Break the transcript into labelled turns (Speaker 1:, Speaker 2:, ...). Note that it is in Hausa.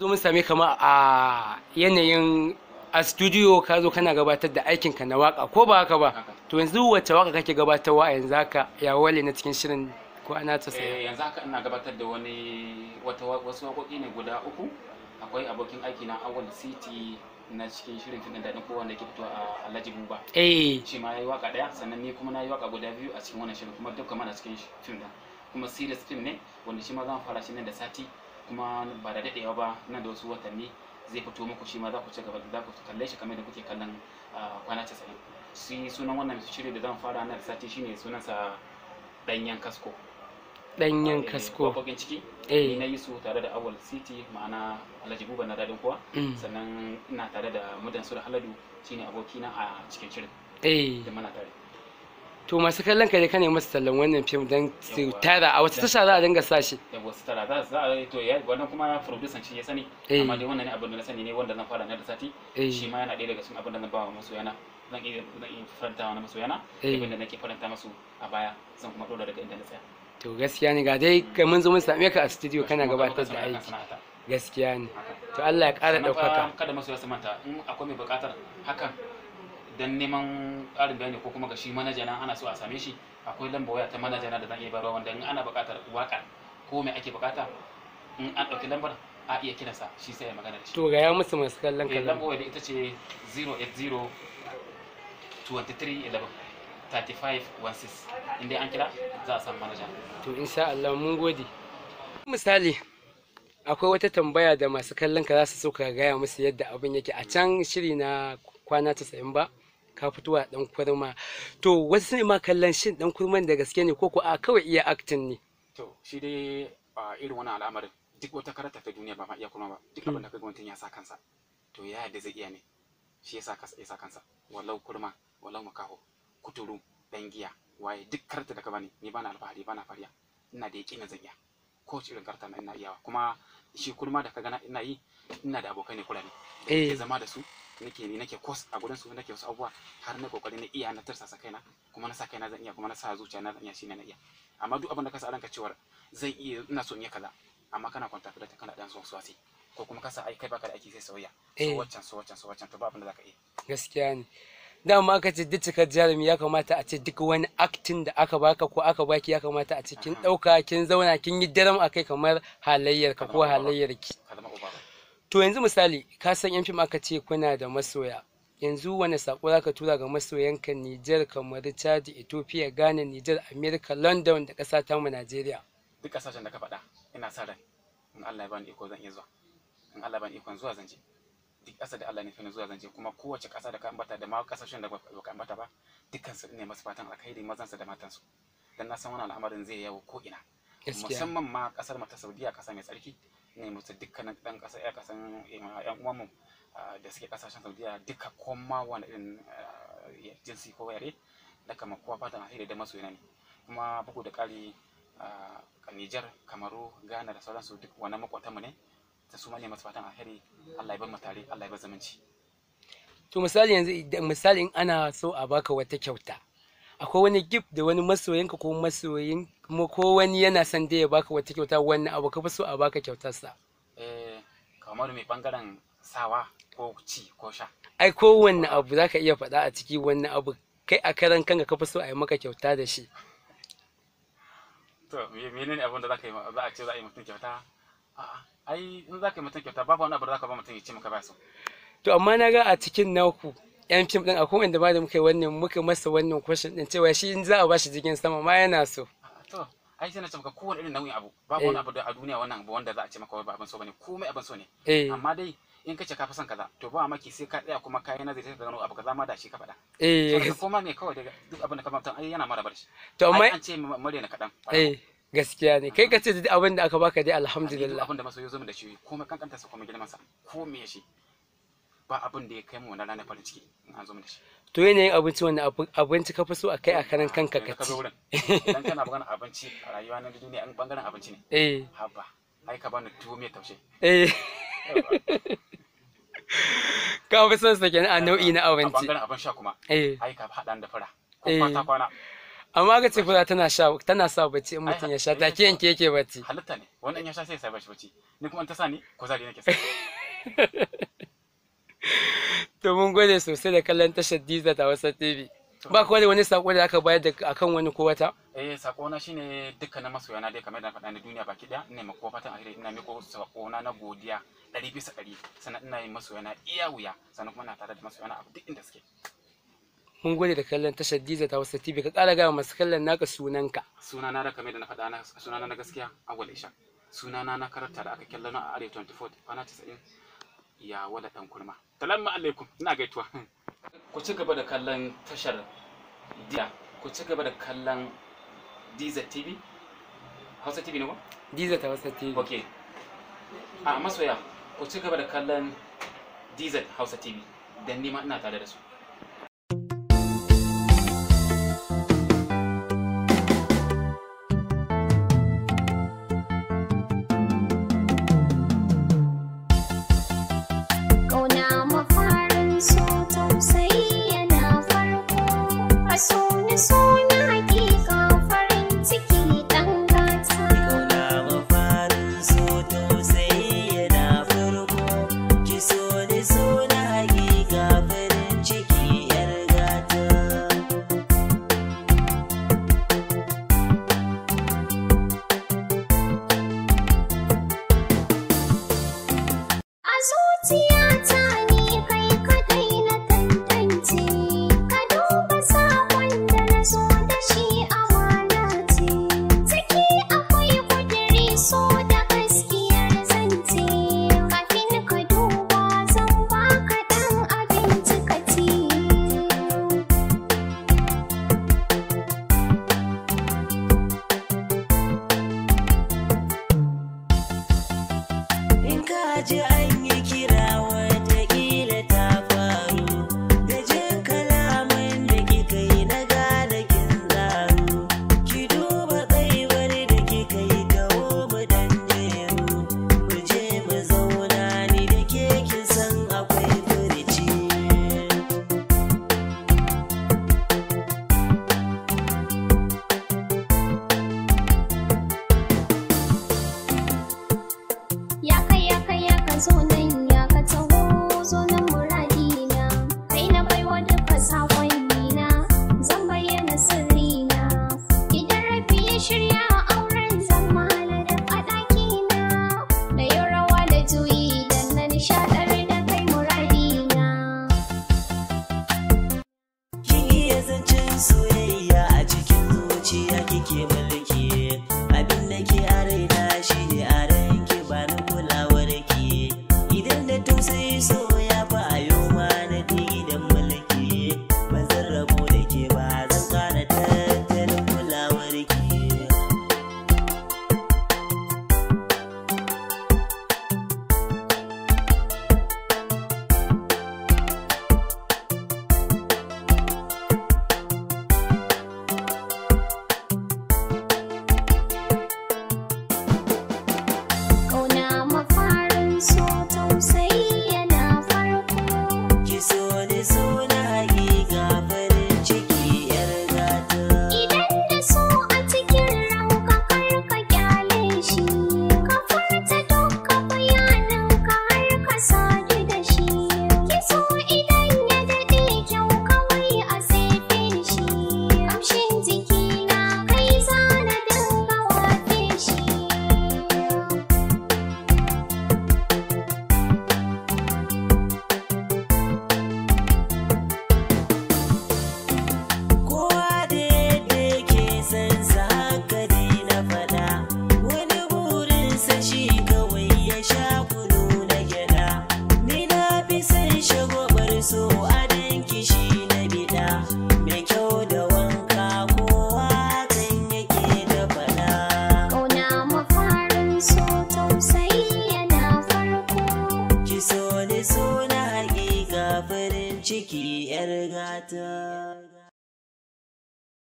Speaker 1: zo mun same kama a yanayin a studio ka zo kana gabatar da aikinka na waka ko ba haka ba to yanzu wacce waka kake gabatarwa a yanzu haka ya wale na cikin shirin ko ana ta sai eh, yanzu haka
Speaker 2: ina gabatar da wani wata wasu wakoki ne guda uku akwai abokin aiki na awal city na cikin shirin tun da kowa wanda ke fito a alhaji buba eh shi ma yayi waka daya sannan ni kuma nayi waka guda biyu a cikin wannan shirin kuma ma mana cikin shirin kuma series film ne wanda shi ma zan fara shi nan da sati kuma ba da daɗewa ba nan da wasu watanni zai fito muku shi ma za ku ci gaba za ku kalle shi kamar da kuke kallon kwana casa'in shi sunan wannan shiri da zan fara nan sati shine sunansa ɗanyen kasko
Speaker 1: ɗanyen eh, kasko
Speaker 2: bakokin ciki eh. ni na yi su tare da awal city ma'ana alhaji buba na daɗin kuwa. Mm. sannan ina tare da mudan su da haladu shine abokina a cikin shirin eh. da mana tare
Speaker 1: to masu kallon ka kane ka nemi tallan wannan fim don su tara a wata tasha za a dinga sa shi
Speaker 2: da wasu tara za za a to ya wannan kuma producer shi ya sani eh. amma dai wannan ne abin da na sani ne wanda zan fara na da sati eh. shi ma yana ɗaya daga cikin abin da na ba wa masoyana zan iya zan iya faranta wa masoyana eh. abin da nake faranta masu a baya zan kuma ɗora daga inda na tsaya
Speaker 1: to gaskiya ne ga dai ka mun zo mun same ka a studio kana gabatar da aiki gaskiya ne to Allah ya ƙara ɗaukaka
Speaker 2: kada masoya su manta in akwai mai buƙatar hakan Dan neman ƙarin bayani ko kuma ga shi manaja nan ana so a same shi akwai lamba waya ta manaja da zan iya bayarwa wanda in ana buƙatar waka ko me ake buƙata in an ɗauki lambar a iya kiransa
Speaker 1: shi sai ya magana da shi to ga ya musu masu kallon kallon eh, lambar waya
Speaker 2: ita ce 080 23 11 3516 inda an kira za a samu manaja
Speaker 1: to insha Allah mun gode misali akwai wata tambaya da masu kallon ka za su so ka gaya musu yadda abin yake a can shiri na kwana 90 ba ka fitowa dan kurma to wasu ne ma kallon shin dan kurman da gaske ne ko ko a kawai iya acting ne
Speaker 2: to shi dai a irin wannan al'amarin duk wata karata ta duniya ba ma iya kurma ba duk abin da kaga mutum ya sa kansa to ya yadda zai iya ne shi yasa ya sa kansa wallau kurma wallau makaho kuturu dan giya waye duk karata da ka bani ni bana alfahari bana fariya ina da yaki na zan iya ko irin karata na ina iyawa kuma shi kurma da ka gana ina yi ina da abokai ne kula ne eh. zama da su nake ni nake course a gurin su nake wasu abubuwa har na kokari na iya na tarsasa kaina kuma na sa kaina zan iya kuma na sa zuciya na zan iya shine na iya amma duk abin da ka sa ranka cewa zan iya ina so in yi kaza amma kana kwanta da ta kana dan so wasi ko kuma ka sa ai kai baka da aiki sai sauya so eh. waccan so waccan so waccan to ba abin da zaka yi
Speaker 1: gaskiya ne ma ka ce duk cikar jarumi ya kamata a ce duk wani acting da aka baka ko aka baki ya kamata a ce kin dauka kin zauna kin yi daram akai kamar halayyar ka ko halayyar ki to yanzu misali ka san yan fim aka ce kuna da masoya yanzu wani sako zaka tura ga masoyanka Nijar kamar Chad Ethiopia Ghana Nijar America London da ƙasa ta mu Najeriya
Speaker 2: duk ƙasashen da ka faɗa ina sa ran in Allah ya bani iko zan iya zuwa in Allah ya bani iko zuwa zan je duk ƙasa da Allah ne fina zuwa je, kuma kowace ƙasa da ka ambata da ma ƙasashen da ka ambata ba dukkan su ne masu fatan alkhairi mazan su da matan su dan na san wannan al'amarin zai yawo ko ina musamman ma ƙasar mata Saudiya ƙasa mai tsarki ne musu dukkanin ɗan ƙasa ya ƙasan yan eh, uwanmu ah, da suke ƙasashen saudiya duka koma wani irin eh, jinsi ko yare da kama kowa fatan alheri da masu yanayi kuma bugu da ƙari a ah, Nijar, Kamaru, Ghana da sauransu duk wannan makwatanmu ne ta su ne masu fatan alheri Allah ya bar mu tare Allah ya bar
Speaker 1: to misali yanzu misali in ana so a baka wata kyauta akwai wani gift da wani masoyinka ko masoyin kuma ko wani yana son da ya baka wata kyauta wani abu ka fi so a baka kyautar sa
Speaker 2: eh kamar mai bangaren sawa ko ci ko sha
Speaker 1: ai ko wani abu zaka iya faɗa a ciki wani abu kai a karan kanka ka fi so a yi maka kyauta da shi
Speaker 2: to menene abin da zaka yi za a ce za a yi mutum kyauta ai in zaka yi mutum kyauta babu wani abu da zaka ba mutum ya ce maka ba so
Speaker 1: to amma na ga a cikin naku yan fim din akwai wanda ba da muka wannan muka masa wannan question din cewa shi in za a bashi jirgin sama ma yana so
Speaker 2: to ai sai na ce maka kowane irin nauyin abu babu wani eh. abu a duniya wannan ba wanda za a ce maka ba abin so bane komai abin so ne eh. amma dai in ka ce ka fi son kaza to ba maki sai ka tsaya kuma ka yi nazari ka gano abu kaza ma da shi ka faɗa
Speaker 1: eh kuma
Speaker 2: me kawai daga duk abin da ka mamta ai yana mara barci to amma an ce mare na kadan eh
Speaker 1: gaskiya ne kai ka ce duk abin da aka baka dai alhamdulillah abin
Speaker 2: da masoyo zo mu da shi komai kanta sa komai girman sa komai shi ba abin da ya kai mu wannan ranar farin ciki in an zo da shi
Speaker 1: to yanayin abinci wanda abinci ka fi so a kai a karan kanka ka ci
Speaker 2: dan kana magana abinci a rayuwa na duniya an bangaren abinci ne eh haba ai ka bani tuwo mai taushe
Speaker 1: eh ka fi son sa kenan a nau'i na abinci a bangaren abin sha kuma eh ai ka haɗa da fura ko eh. fata kwana amma ka ce fura tana sha tana sa bacci in mutum ya sha ta ke yanke yake bacci halitta ne
Speaker 2: wannan ya sha sai ya sa bacci ni kuma ta sa ni ko zari nake sa
Speaker 1: to mun gode sosai da kallon tashar Diza ta wasa TV. Ba kuwa da wani sako da aka bayar da akan wani ko wata?
Speaker 2: Eh sako na shine dukkanin na dai kamar da na faɗa na duniya baki ɗaya ina mai fatan alheri ina miko sako na na godiya ɗari bisa ɗari sannan ina yin na iya wuya sannan kuma na tare da na a duk inda suke.
Speaker 1: mun gode da kallon tashar Diza ta wasa TV ka ƙara gaya masu kallon naka sunanka.
Speaker 2: Sunana da kamar da na faɗa na sunana na gaskiya Awal Isha. Sunana na karatta da aka kallon a Arewa 24 kwana 90 ya wala dan kurma. salamu alaikum ina gaituwa ku ci gaba da kallon tashar dia ku ci gaba da kallon diza tv hausa tv ne ba
Speaker 1: diza ta hausa tv okay
Speaker 2: a ah, masoya ku ci gaba da kallon diza hausa tv dan nima ina tare da su
Speaker 3: soyayya a cikin zuciya kike mallaka time.